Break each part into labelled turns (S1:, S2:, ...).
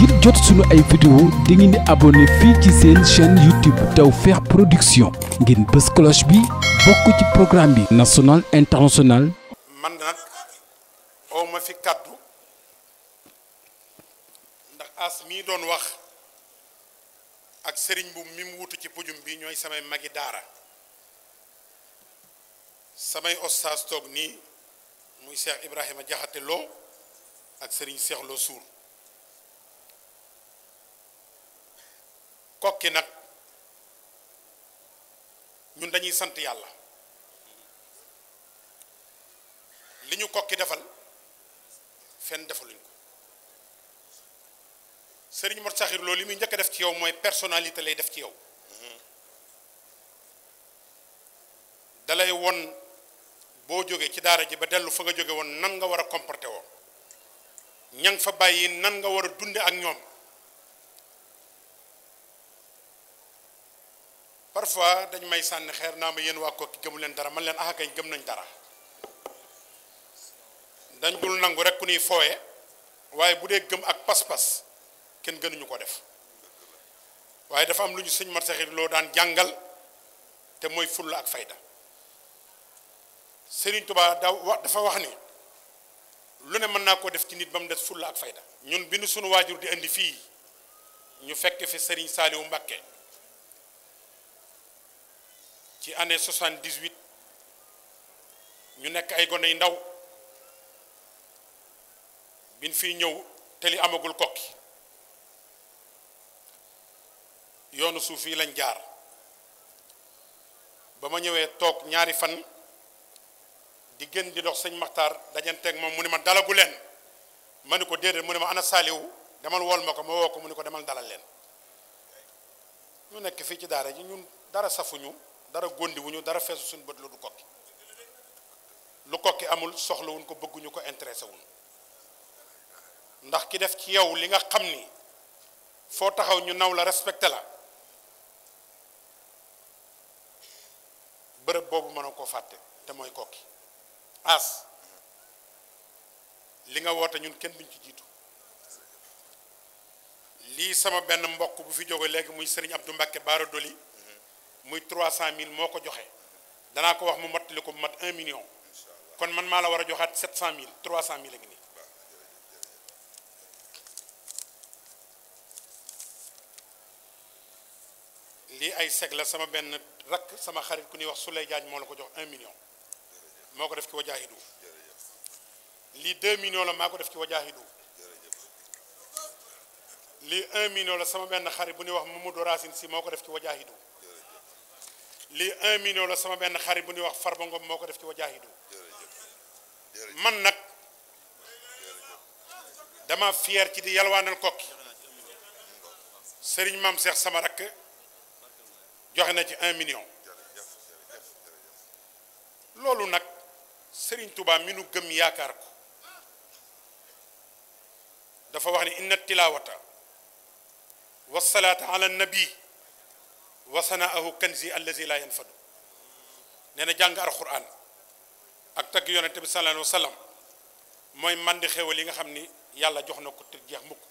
S1: ngir jot suñu ay vidéo di ngeen di abonné fii ci seen chaîne YouTube Tawfekh Production ngeen bës cloche bi bokk ci programme bi national international man nag aw ma fi kàddu ndax as mii doon wax ak sëriñ bu mi mu wutu ci pujum bi ñooy samay magi daara samay ostaas toog nii muy Cheikh Ibrahima Jaxate Lo ak sëriñ Cheikh Lo Suur kokki nag ñun dañuy sant yàlla li ñu kokki defal fenn defaluñ ko sëriñ Mor Saxir loolu li muy njëkk def ci yow mooy personnalité lay def ci yow dalay won boo jógee ci daara ji ba dellu fa nga jóge woon nan nga war a comporté woo ña fa bàyyi nan nga war a dunde ak ñoom parfois dañ may sànni xeer naa ma yéen waa Koki gëmu leen dara man leen ah kay gëm nañ dara dañ dul nangu rekk ku ñuy fooye waaye bu dee gëm ak pas-pas kenn gënuñu ko def waaye dafa am lu ñu sëñ marsaxit loo daan jàngal te mooy fulla ak fayda Sëriñ tubaa daa wax dafa wax ni lu ne mën naa koo def ci nit ba mu des fulla ak fayda ñun bi nu sunu waajur di indi fii ñu fekk fi Sëriñ Saaliwu Mbàkke ci année 78 ñu nekk ay gone yu ndaw biñ fii ñëw te li amagul kokki yoonu suuf yi lañ jaar ba ma ñëwee toog ñaari fan di gën di dox sañ Maxtaar dajanteeg moom mu ne ma dalagu leen ma ne ko déedéet mu ne ma ana saaliwu demal wool ma ko ma woo ko mu ne ko demal dalal leen ñu nekk fii ci daara ji ñu dara safuñu dara gondi ñu dara feesu suñu bët lu du kokki lu kokki amul soxlawuñ ko bëgguñu ko intéressé wuñ ndax ki def ci yow li nga xam ni foo taxaw ñu naw la respecté la bërëb boobu mënoo koo fàtte te mooy kokki as li nga woote ñun kenn duñ ci jiitu lii sama benn mbokk bu fi jóge léegi muy sëriñ Abdou Mbacke Baara Doli muy cent mille moo ko joxe danaa ko wax mu mottali ko mu mat 1 million kon man maa la war a joxaat 700000 300000 a ngi nii. lii ay seg la sama benn rakk sama xarit ku ñuy wax Souley Diagne moo la ko jox 1 million moo ko def ci wajaahidu lii 2 millions la maa ko def ci wajaahidu lii un million la sama benn xarit bu ñuy wax mu Racine si moo ko def ci wajaahidu lii un million la sama benn xarit bu ñuy wax Farba Ngom moo ko def ci wajaahidu man nag dama fier ci di yalwaanal kokki sëriñ maam Cheikh sama rakk joxe na ci un million loolu nag sëriñ Touba mi nu gëm yaakaar ko dafa wax ni inna tilawata wasalaata ala nabi wa sanaahu kanzi allazi la yanfadu nee na jàng alxuraan ak tagg yonente bi sallallahu alayhi wa sallam mooy màndi xéwal yi nga xam ni yàlla jox na ko te jeex mukk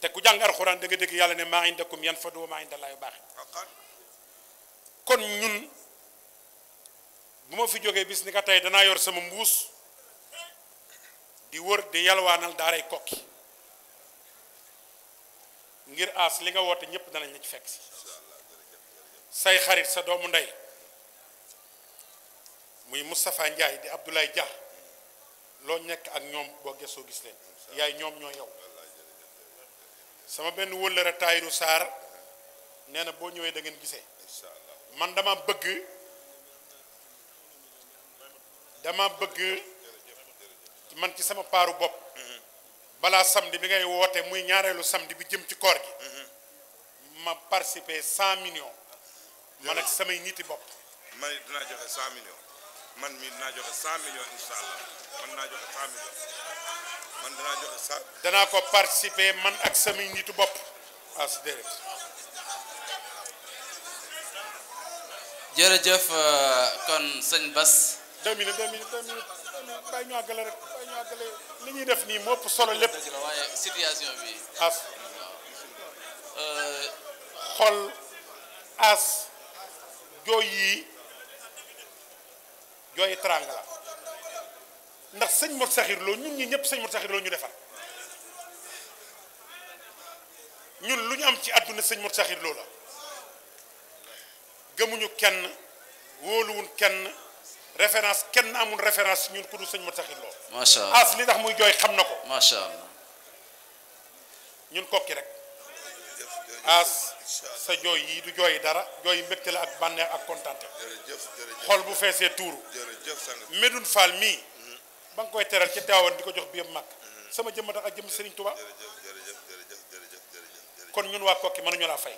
S1: te ku jàng alxuraan dëgg dëgg yàlla ne maa indakum yanfadu wa maa indallaahi baaxin kon ñun bu ma fi jógee bis ni ka tey danaa yor sama mbuus di wër di yalwaanal daaray kokki ngir aas li nga woote ñëpp danañ la ci fekk si say xarit sa doomu ndey muy Moustapha Ndiaye di Abdoulaye Dia loo nekk ak ñoom boo gesoo gis leen yaay ñoom ñoo yow sama benn wëllëra Tayiru Sarr nee na boo ñëwee da ngeen gisee man dama bëgg dama bëgg man ci sama paaru bopp balaa samedi bi ngay woote muy ñaareelu samdi bi jëm ci koor gi ma participer cent millions man ak samay niti bopp. man dinaa joxe 100 man mii dinaa joxe 100 millions incha allah man dinaa joxe 100 millions ko participer man ak samay nitu bopp à ce direct. jërëjëf euh, kon sëñ Bass. deux minutes deux minutes deux rek bàyyi ñu àggale li ñuy def nii moo ëpp solo lépp. waaye bi. as euh, xool as. jooy yii jooy teraanga la ndax sëñ Mor Saxir Lo ñun ñi ñëpp sëñ Mor Saxir ñu defar ñun lu ñu am ci àdduna sëñ Mor Saxir Lo gëmuñu kenn wóoluwun kenn référence kenn amul référence ñun ku sëñ Mor Saxir Lo. macha allah li tax muy jooy xam na ko. macha allah ñun rek as. sa jooy yii du jooy dara jooy mbégte la ak bànneex ak kontaante xool bu feesee tuuru Medoune Fall mii mm-hmm. ba nga koy teral ci teewaan di ko jox bi yëpp mag mm-hmm. sama jëmm tax ak jëmm Serigne Touba kon ñun waa kokki mënuñu laa fay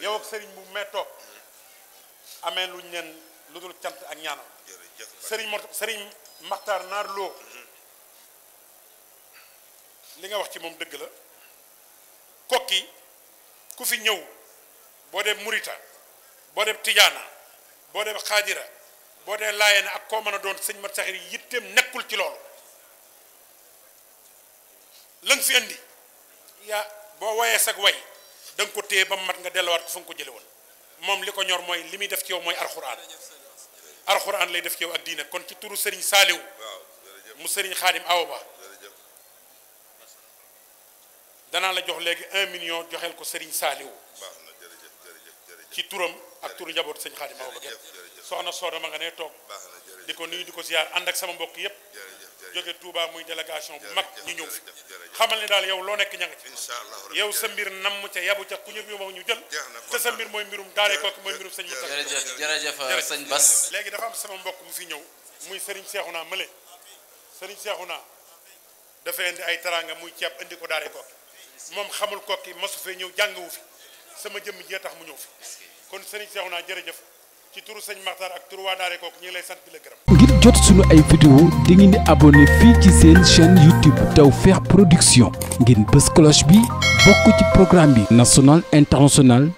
S1: yow ak Serigne bu mettoo mm-hmm. amee luñ leen lu dul cant ak ñaanal Serigne Mor Serigne Maxtaar Naar Lo li nga wax ci moom dëgg la kokki ku fi ñëw boo dee murita boo dee tijaana boo dee xaadira boo dee laaye na ak koo mën a doon sëñ mat saxir yitteem nekkul ci loolu la nga fi indi yaa boo wayee sag way da nga ko téye ba mat nga delluwaat ko fa nga ko jële woon moom li ko ñor mooy li muy def ci yow mooy alxuraan alxuraan lay def ci yow ak diina kon ci turu sëriñ saaliw mu sëriñ xaadim awa ba danaa la jox léegi un million joxel ko Serigne Saliou ci turam ak turu njaboot sëñ Xaadim Awa Balla soxna Soda ma nga ne toog di ko nuyu di ko ziar ànd ak sama mbokk yëpp jóge Touba muy délégation bu mag ñu ñëw fi xamal ne daal yow loo nekk ña nga yow sa mbir namm ca yabu ca ku ñu jël te sa mbir mooy mbirum daare kooku mooy mbirum sañ Moussa jërëjëf jërëjëf sëñ Bass léegi dafa am sama mu fi ñëw muy Serigne Cheikhouna Male Serigne Cheikhouna dafa indi ay taranga muy ceeb indi ko daare kooku moom xamul kokki masu fee ñëw jàngawu fi sama jëmm jee tax mu ñëw fi kon sëriñ Seexuna jërëjëf ci turu sëñ Maxtaar ak turu waa Daare Koki ñu ngi lay sant di la gërëm. ngir jot suñu ay vidéo di ngeen di abonné fii ci seen chaîne YouTube Tawfekh Production ngeen bës cloche bi bokk ci programme bi national international.